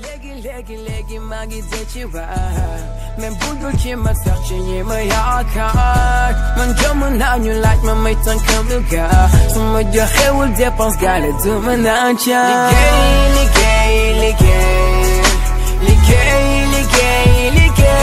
legi legi legi magi zechi wa men bundu chi ma ni ma ya man jom na nyu lak ma mai tan ka mu ga sum ma gale du ma na cha ni gay ni gay ni gay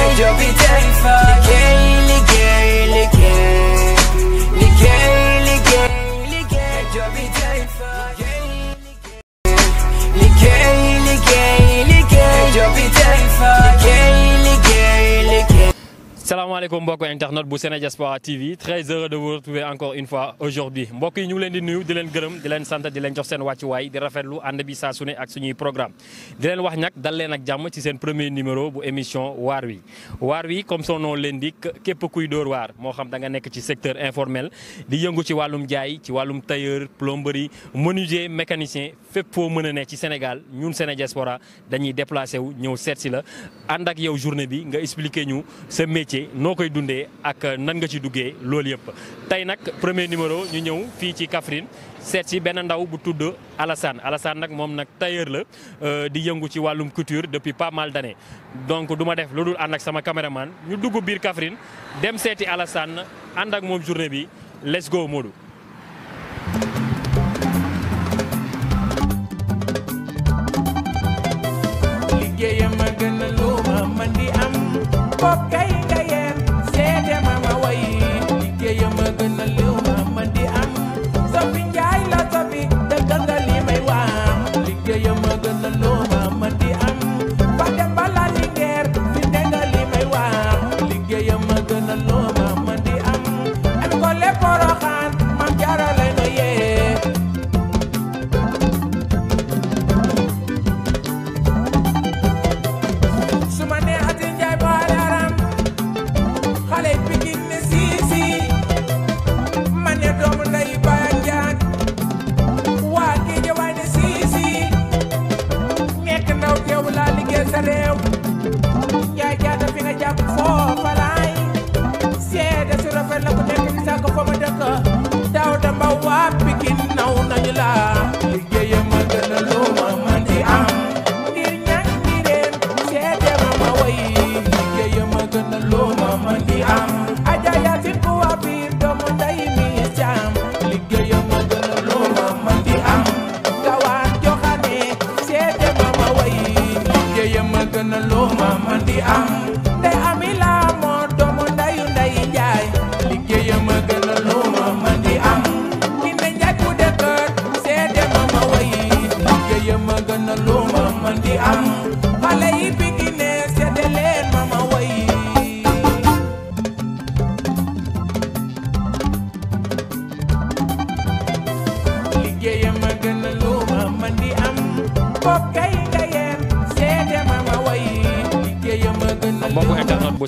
asalaamaaleykum mbokk internet bu Senediaspora TV très heureux de vous retrouver encore une fois aujourd'hui mbokk yi ñu ngi leen di nuyu di leen gërëm di leen sant di leen jox seen wàccuwaay di rafetlu ànd bi saa su ne ak suñuy programme di leen wax nag dal leen ak jàmm ci seen premier numéro bu émission waar wi waar wi comme son nom l'indique képp kuy dóor waar moo xam da nga nekk ci secteur informel di yëngu ci wàllum jaay ci wàllum tailleur plomberie menuisier mécanicien fépp foo mën a ne ci Sénégal ñun Senediaspora dañuy déplacé wu ñëw seet si la ànd ak yow journée bi nga expliquer ñu sa métier nokoy dundé akan ak nan nga ci duggé yépp tay nak premier numéro ñu ñëw Kafrin ci Kaffrine seet ci ben ndaw bu tudd Alassane Alassane nak mom nak tailleur la euh, di yëngu ci walum couture depuis pas mal d'années donc duma def lu and ak sama caméraman ñu dugg biir Kaffrine dem seti Alassane andak ak mom journée bi let's go Modou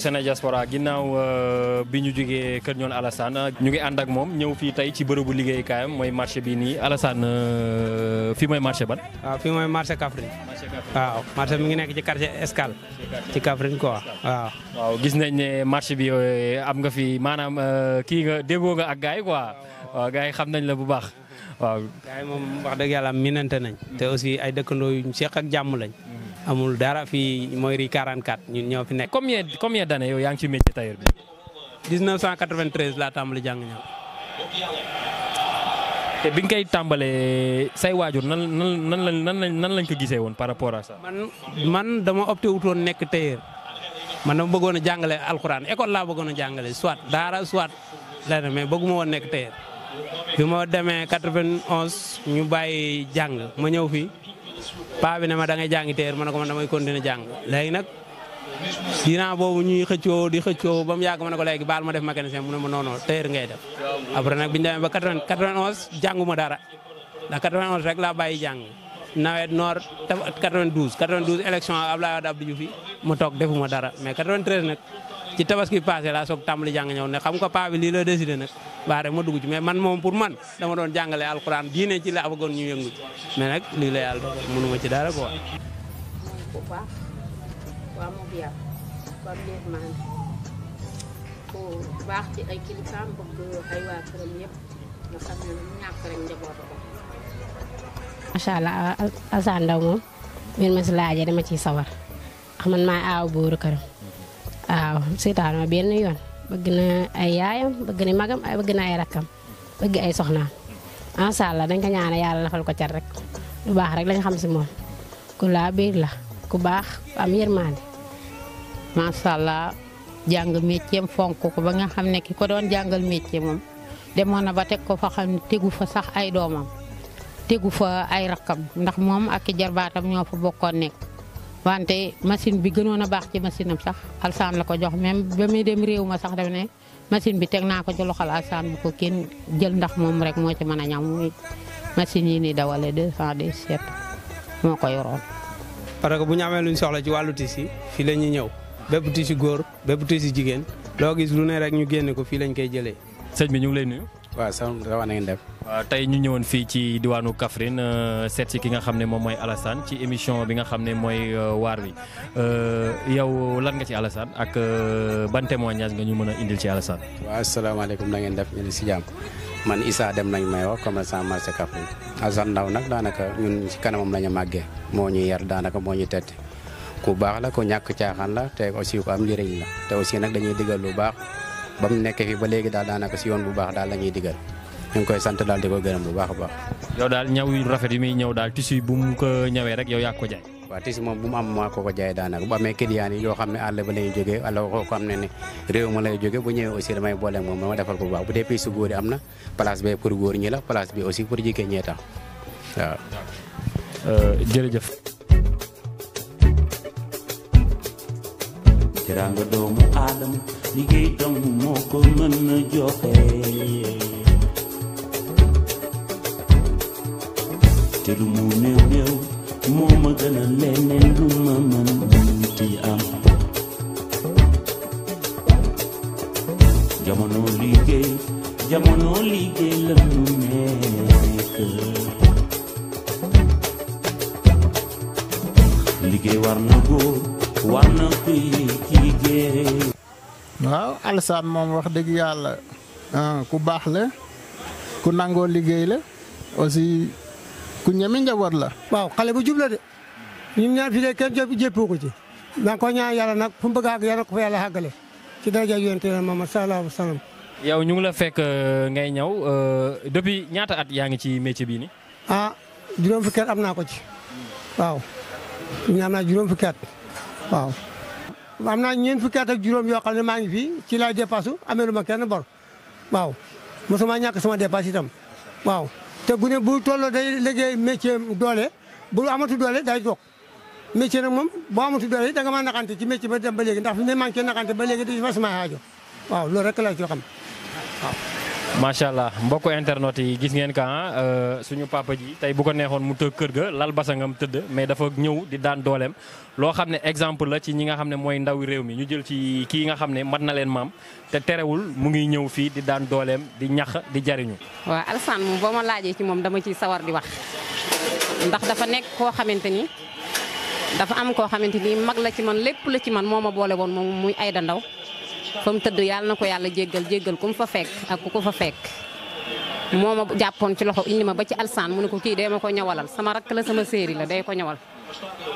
Sénégal diaspora ginnaaw euh, bi ñu jógee kër ñoon Alassane ñu ngi ànd ak moom ñëw fii tey ci bërëbu liggéey liggéeyukaayam mooy marché bii nii Alassane euh, fii mooy marché ban. waaw ah, fii mooy marché Kaffrine. marché Kaffrine waaw mi ngi nekk ci quartier Escale. ci Kaffrine quoi waaw. gis nañ ne marché bi euh, am nga fi maanaam kii nga déggoo nga ak gars yi quoi waaw gars yi xam nañ la bu baax waaw. gars yi moom wax dëgg yàlla miinante nañ. te aussi ay dëkkandoo yu ñu seq ak jàmm lañ. amul dara fii mooy ri 44 ñu ñoo fi nekk. combien combien d'années yow yaa ngi ci métier tailleur bi. 1993 laa tàmbali jàng ñoom. te bi nga koy tàmbalee say waajur nan nan nan lañ nan lañ nan lañ ko gisee woon par rapport a sa man man dama opté wutoon nekk tailleur man dama bëggoon a jàngale alxuraan école laa bëggoon a jàngale soit daara soit leneen mais bëgguma woon nekk tailleur bi ma demee 91 ñu bàyyi jàng ma ñëw fii. paa bi ne ma da ngay jàngi téer ma ne ko man damay continuer jàng léegi nag dinaa boobu ñuy xëccoo di xëccoo ba mu yàgg ma ne ko léegi baal ma def mécanicien mu ne ma non non téer ngay def après nag bi ñu demee ba 91 jàngu ma dara ndax 91 rek laa bàyyi jàng nawet noor 92 92 élection Abdoulaye Wade Abdou Diouf fi ma toog defuma dara mais 93 nag ci tabaski passé langsung sok tambali jang ñew ne xam nga pa bi li la décider nak baax rek ma dugg ci mais man mom pour man dama doon jàngale alcorane diiné ci la bëggoon ñu yëngu mais nak li la dogal mënuma ci dara ko ko biar baax ci ay kilifaam bëgg ay ma waaw seetaan ma benn yoon bëgg na ay yaayam bëgg na magam bëgg na ay rakkam bëgg ay soxnaam incha allah dañ ko ñaanal yàlla lafal ko cat rek lu baax rek lañ xam si moom ku laa biir la ku baax am yërmande. macha allah jàng métier fonk ko ba nga xam ne ki ko doon jàngal métier moom demoon na ba teg ko fa xam ne tegu fa sax ay doomam tégu fa ay rakkam ndax moom ak i jarbaatam ñoo fa bokkoon nekk. wante machine bi gënoon a baax ci machine am sax alsan la ko jox même ba muy dem rew ma sax daf machine bi tek naa ko ci loxol alsaan bu ko kenn jël ndax mom rek mo ci mëna ñam machine yi ni dawalé 217 moo ko yoroon. parce que bu ñu luñ soxla ci walu tisi fi lañu ñëw bépp tisi goor bépp tisi jigen lo gis lu ne rek ñu génné ko fi lañ koy jëlé señ bi ñu ngi lay nuyu. waaw salaamaaleykum ça va na ngeen def. tey ñu ñëwoon fii ci diwaanu kafrin euh, seet si ki nga xam ne moom mooy Alassane ci émission bi nga xam ne mooy euh, waar wi euh, yow lan nga ci Alassane ak ban témoignage nga ñu mën a indil ci Alassane. waa salaamaaleykum na ngeen def ñu si jàmm man Issa dem nañ may wax commerçant marché nag daanaka ñu ci kanamam la ñu màggee moo ñu yar daanaka moo ñu tette ku baax la ku ñàkk caaxaan la te aussi ku am njëriñ la te aussi nag dañuy digal lu baax. ba mu nekkee fi ba léegi daal daanaka si yoon bu baax daal la ñuy digal koy sant daal di ko gërëm bu baax a baax. yow daal ñaw yu rafet yi muy ñëw daal tissu bu mu ko ñawee rek yow yaa ko jaay. waaw tissu moom bu mu am maa ko ko jaay daanaka bu amee client yi xam ne àll ba lay jógee àll koo xam ne ne réew ma lay jógee bu ñëwee aussi damay boole moom ma defal bu baax bu dee piis su góor am na place bee pour góor ñi la place bi teraanga doomu aadama liggéey dong moo ko mën a joxe te lu mu néew néew moo ma gën a leneen lu ma mën ci am jamono liggéey jamono liggéey la liggéey war na góor wanna be waaw alsaan moom wax dëgg yàlla ah, ku baax la ku nangoo liggéey la aussi ku ñemi njaboot la waaw xale bu jub la de ñun ñaar fi de kenn jëppoo ko ci danga ko ñaan yàlla nag fu mu bëgg àgg yàlla ko fa yàlla ci daraja sallallahu yow ñu la fekk euh, ngay euh, depuis ñaata at yaa ci métier bii ni ah juróom fukki amna ko ci waaw ñu am naa waaw. am naa ñeent fukki ak juróom yoo xam ne maa ngi fii ci laay dépasse amelu ma kenn bor waaw mosuma ñàkk sama dépasse itam waaw te gune bu tolloo day liggéey métier doole bu amatu doole day toog métier nag moom boo amatu doole da nga maa naxante ci métier ba dem ba léegi ndax fi ne maa ngi cee naxante ba léegi di fa sama aajo waaw loolu rek la ci xam waaw. macha allah mbokk internet yi gis ngeen ka euh, suñu papa ji tey bu ko neexoon mu tëgg kër ga lal basangam tëdd mais dafa ñëw di daan dooleem loo xam ne exemple la ci ñi nga xam ne mooy ndawi réew mi ñu jël ci kii nga xam ne mat na leen maam te terewul mu ngi ñëw fii di daan dooleem di ñax di jariñu waaw Alassane moom boo ma laajee ci moom dama ciy sawar di wax ndax dafa nekk koo xamante ni dafa am koo xamante nii mag la ci man lépp la ci man moo ma boole woon muy Aïda Ndaw fam mu yalla nako na ko yàlla jéggal jéggal ku fa fekk ak kuko fa fekk moma ma ci loxo indi ma ba ci alsaan mu ne ko kii day ma ñawalal sama rak la sama séeri la day ko ñawal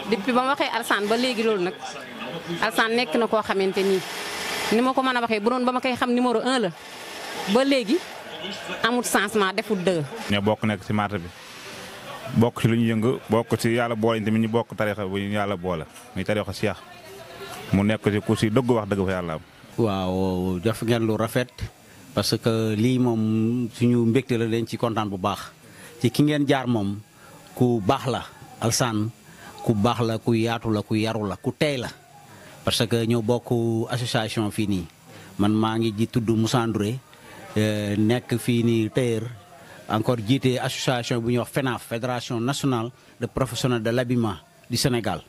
depuis ba waxe waxee ba léegi loolu nak alsaan nek na ko xamanteni nii ni ma ko mën a bu doon ba ma koy xam numéro 1 la ba léegi amut changement defut 2 ñoo bok nek ci mart bi bok ci luñu ñu yëngu bokk ci yalla boole tamit ñu bok tarixa bu ñu yàlla boole muy tarixa Cheikh mu nek ci ku ci dëgg wax dëgg fa yalla waaw def ngeen lu rafet parce que lii moom suñu mbégte la leen ci kontaan bu baax ci ki ngeen jaar moom ku baax la alsaan ku baax la ku yaatu la ku yaru la ku tey la parce que ñoo bokk association fii nii man maa ngi ji tudd Moussa Ndouré eh, nekk fii nii tailleur encore jiite association bu ñuy wax FENAF fédération nationale de professionnels de l'habillement du Sénégal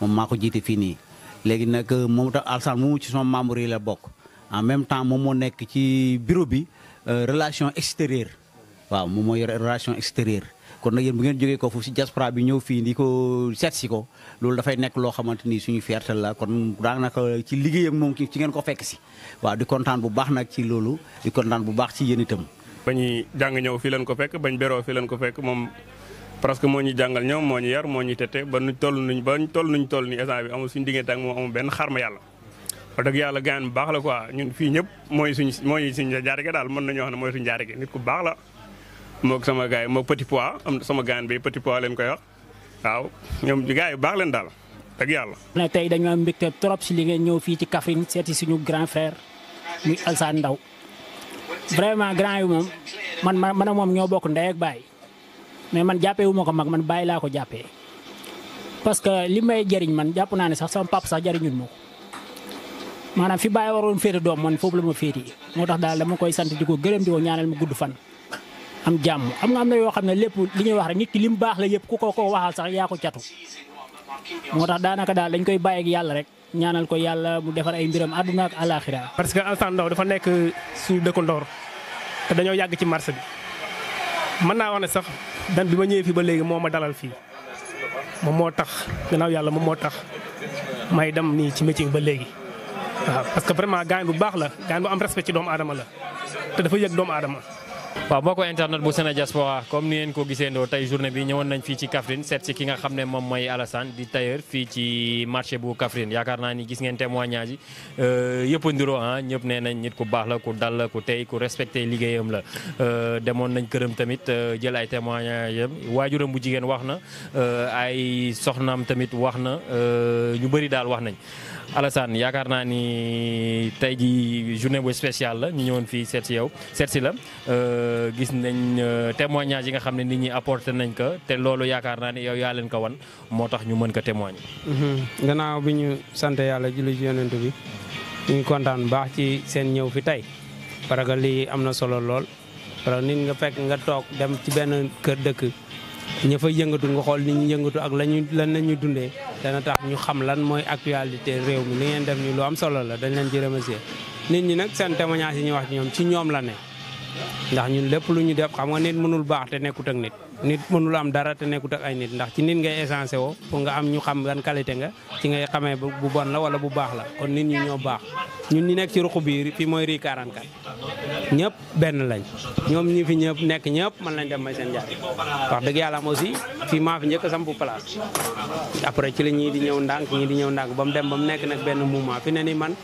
moom maa ko jiite fii nii léegi nag euh, moom tam Alsaan moomu ci sama membre yi la bokk en même temps moom moo nekk ci bureau bi euh, relation extérieure waaw moom mooy relation extérieure kon nag yéen bu ngeen jógee ko foofu si diaspora bi ñëw fii di ko seet si ko loolu dafay nekk loo xamante ni suñu fierté la kon daanaka ci liggéeyam moom ci ngeen ko fekk si waaw di kontaan bu baax nag ci loolu di kontaan bu baax ci yéen itam. bañ jàng ñëw fii lañ ko fekk bañ beroo fii lañ parce que mo ñu jangal ñom mo ñu yar mo ñu tété ba ñu toll ñu ba ñu toll ñu toll ni état bi amu suñu diggante tak mo amu ben xarma yalla wax dëgg yalla gaan bu baax la quoi ñun fi ñëpp mooy suñ mooy suñ jaarige dal mën nañu wax ne mooy suñ jaarige nit ku baax la mo ak sama gaay mo petit pois am sama gaan bi petit pois leen koy wax waaw ñom gars gaay baax leen dal dëgg yalla ne tay dañu am mbikté trop ci li ngeen ñëw fi ci Kaffrine séti suñu grand frère muy alsan ndaw vraiment grand yu mom man man mom moom ñoo bokk ndey ak baay mais man jappé wu mako mag man bay la ko jappé parce que limay may man japp na ni sax sama papa sax jëriñul mako manam fi bay waron fété dom man fofu la ma fété motax dal dama koy sante diko ko di ko ñaanal mu gudd fan am jamm am nga am na yo xamné lepp li ñuy wax rek nit ki lim bax la yépp ku ko ko waxal sax ya ko catu motax tax daanaka dañ koy bay ak yalla rek ñaanal ko yalla mu defar ay mbiram aduna ak alakhirah parce que Alassane ndaw dafa nek suñu ndor te dañoo ci marché bi man na wone sax dan bi ma ñëwee fii ba léegi moo ma dalal fii moom moo tax gannaaw yàlla moom moo tax may dem nii ci métier ba léegi waaw parce que vraiment gaañ bu baax la gaañ bu am respect ci doomu aadama la te dafa yëg doomu aadama waaw mbokk internet bu Sene Diaspora comme ni ngeen ko gisandoo tey journée bi ñëwoon nañ fii ci Kaffrine seet si ki nga xam ne moom Alassane di tailleur ci marché bu Kaffrine yaakaar naa ni gis ngeen témoignage yi euh, yëpp ndiro han ah, ñëpp nee nañ nit ku baax la ku dal la ku tey ku respecté liggéeyam la euh, demoon nañ këram tamit euh, jël ay témoignage am waajuram bu jigéen wax na ay soxnaam tamit wax ñu wax nañ Alassane yaakaar naa ni tey ji journée bu spéciale la ñu ñëwoon fii seet si yow seet si la euh, gis nañ euh, témoignage yi nga xam ne nit ñi apporté nañ ko te loolu yaakaar naa ni yow yaa leen ko wan moo tax ñu mën ko témoigner. Mhm. gannaaw bi ñu sant yàlla julli ci yonent bi ñu kontaan baax ci seen ñëw fi tey parce que lii am na solo lool parce nit nga fekk nga toog dem ci benn kër dëkk ña fa yëngatu nga xool nit ñi yëngatu ak lañu lan la ñuy dundee. dana tax ñu xam lan mooy actualité réew mi li ngeen def ñu lu am solo la dañ leen ci remercier nit ñi nag seen témoignage yi ñuy wax ci ñoom ci ñoom la ne ndax ñun lepp lu ñu def xam nga nit mënul baax te nekkut ak nit nit mënul am dara te nekkut ak ay nit ndax ci nit ngay essencé wo pour nga am ñu xam ban qualité nga ci ngay xamé bu bon la wala bu baax la kon nit ñi ñoo baax ñun ñi nekk ci ruq bi fi moy ri 44 ñepp ben lañ ñom ñi fi ñepp nekk ñepp man lañ dem may seen jaar wax deug yalla mo aussi fi ma fi njëkk sampu place après ci di ñëw ndank ñi di ñëw ndank bam dem bam nekk nak ben mouvement fi ne ni man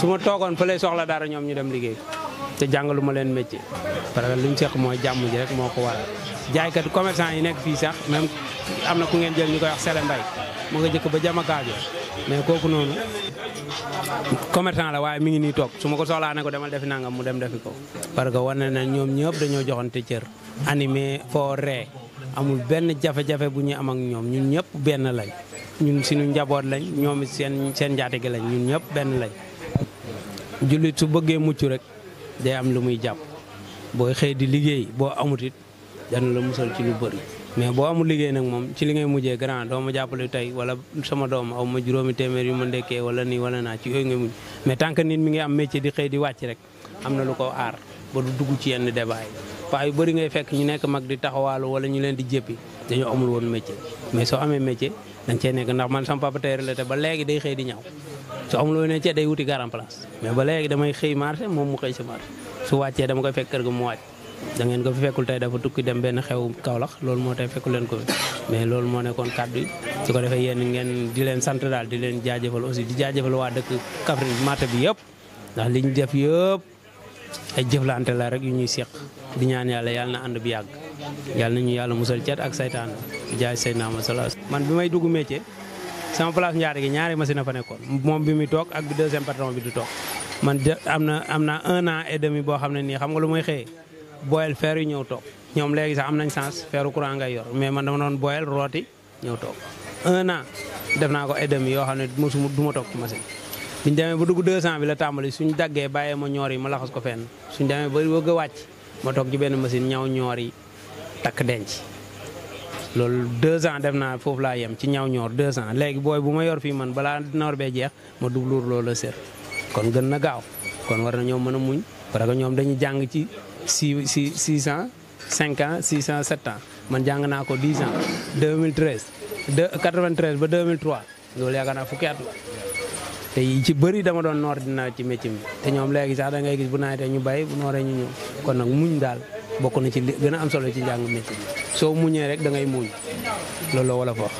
suma togon fa lay soxla dara ñom ñu dem liggéey te jàngalu ma leen métier parce que luñ seq mooy jàmm ji rek moo ko jaay jaaykat commerçant yi nekk fii sax même am na ku ngeen jël ñu ko wax Sele Mbaye moo nga jëkk ba jamakaajo mais kooku noonu commerçant la waaye mi ngi nii toog su ma ko soxlaa ne ko demal defi nangam mu dem defi ko parce que ne na ñoom ñëpp dañoo joxante cër animé foo ree amul benn jafe-jafe bu ñuy am ak ñoom ñun ñëpp benn lañ ñun suñu njaboot lañ ñoom seen seen njaatige lañ ñun ñëpp benn lañ jullit day am lu muy jàpp booy xëy di liggéey boo amut it dana la musal ci lu bëri mais boo amul liggéey nag moom ci li ngay mujjee grand doo jàppale tey wala sama doom aw ma juróomi téeméer yu ma ndekkee wala ni wala naa ci yooyu ngay mujj mais tant que nit mi ngi am métier di xëy di wàcc rek am na lu ko aar ba du dugg ci yenn débat yi paa yu bëri ngay fekk ñu nekk mag di taxawaalu wala ñu leen di jéppi dañoo amul woon métier mais soo amee métier dañ cee nek ndax man sama papa tailleur la té ba légui day xey di ñaw su am amul woon ci day wuti garan place mais ba légui damay xey marché mom mu xey ci marché su wacce dama koy fekk kër gu mu wacc da ngeen ko fi fekkul tay dafa tukki dem ben xew kaolax lool mo tay fekkul len ko mais lool mo nekkoon kàddu yi su ko defé yeen ngeen di len sante dal di len jaajeufal aussi di jaajeufal wa dekk kafri marché bi yépp ndax liñ def yépp ay jëflanté la rek yu ñuy seq di ñaan yalla yalla na and bi yàgg yàlla nañu yàlla musal cat ak saytaan jaay Seydina Muhammad sallallahu alayhi wasallam man bi may dugg métier sama place njaar gi ñaari machine a fa nekkoon moom bi muy toog ak bi deuxième bi du toog man am na am na un an et demi boo xam ne nii xam nga lu muy xëyee boyel fer yu ñëw toog ñoom léegi sax am nañ sens feeru courant ngay yor mais man dama doon boyel rooti ñëw toog un an def naa ko et demi yoo xam ne du ma toog ci machine suñ demee ba dugg 200 bi la tàmbali suñ daggee bàyyee ma ñoor yi ma laxas ko fenn suñ a wàcc ma toog ci benn machine ñaw ñoor yi takk denc loolu deux ans def naa foofu laa yem ci ñaw ñoor deux ans léegi booy bu ma yor fii man balaa noor bee jeex ma dubluur loolu la sér kon gën na gaaw kon war na ñoo man a muñ parce que ñoom dañuy jàng ci six six six ans cinq ans six ans sept man jàng naa ko dix ans 2013 de 93 ba 2003 loolu yaakaar naa fukki at la te yi ci bëri dama doon noor dinaa ci métier mi te ñoom léegi sax da ngay gis bu naawetee ñu bay bu nooree ñu ñëw kon nag muñ daal. bokk na ci li gën am solo ci njàng métier soo muñee rek dangay ngay muuñ loolu la wolof wax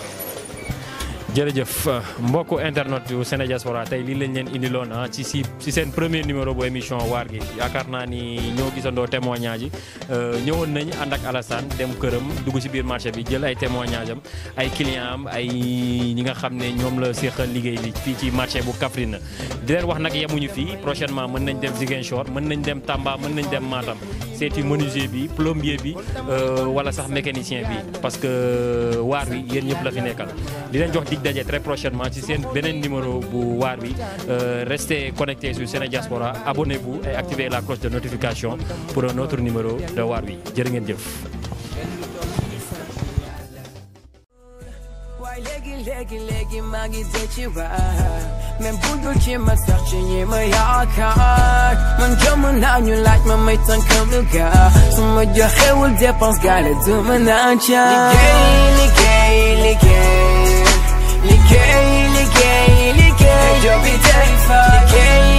jërëjëf euh, mbokku internet yu Séné Diaspora tey lii lañ leen indiloon ah ci si si seen premier numéro bu émission waar gi yaakaar naa ni ñoo gisandoo témoignage yi euh, ñëwoon nañ ànd ak Alassane dem këram dugg si biir marché bi jël ay témoignage am ay client am ay ñi nga xam ne ñoom la séqal liggéey bi fii ci marché bu Kaffrine di leen wax nag yemuñu fii prochainement mën nañ dem Ziguinchor mën nañ dem Tamba mën nañ dem Matam seeti menuisier bi plombier bi euh, wala sax mécanicien bi parce que waar wi yéen ñëpp la nekkal Très prochainement, si c'est un bel numéro pour Warby, euh, restez connectés sur Sénégal Diaspora, abonnez-vous et activez la cloche de notification pour un autre numéro de Warby. Nikkei, Nikkei, Nikkei. Hey, yo, be thankful.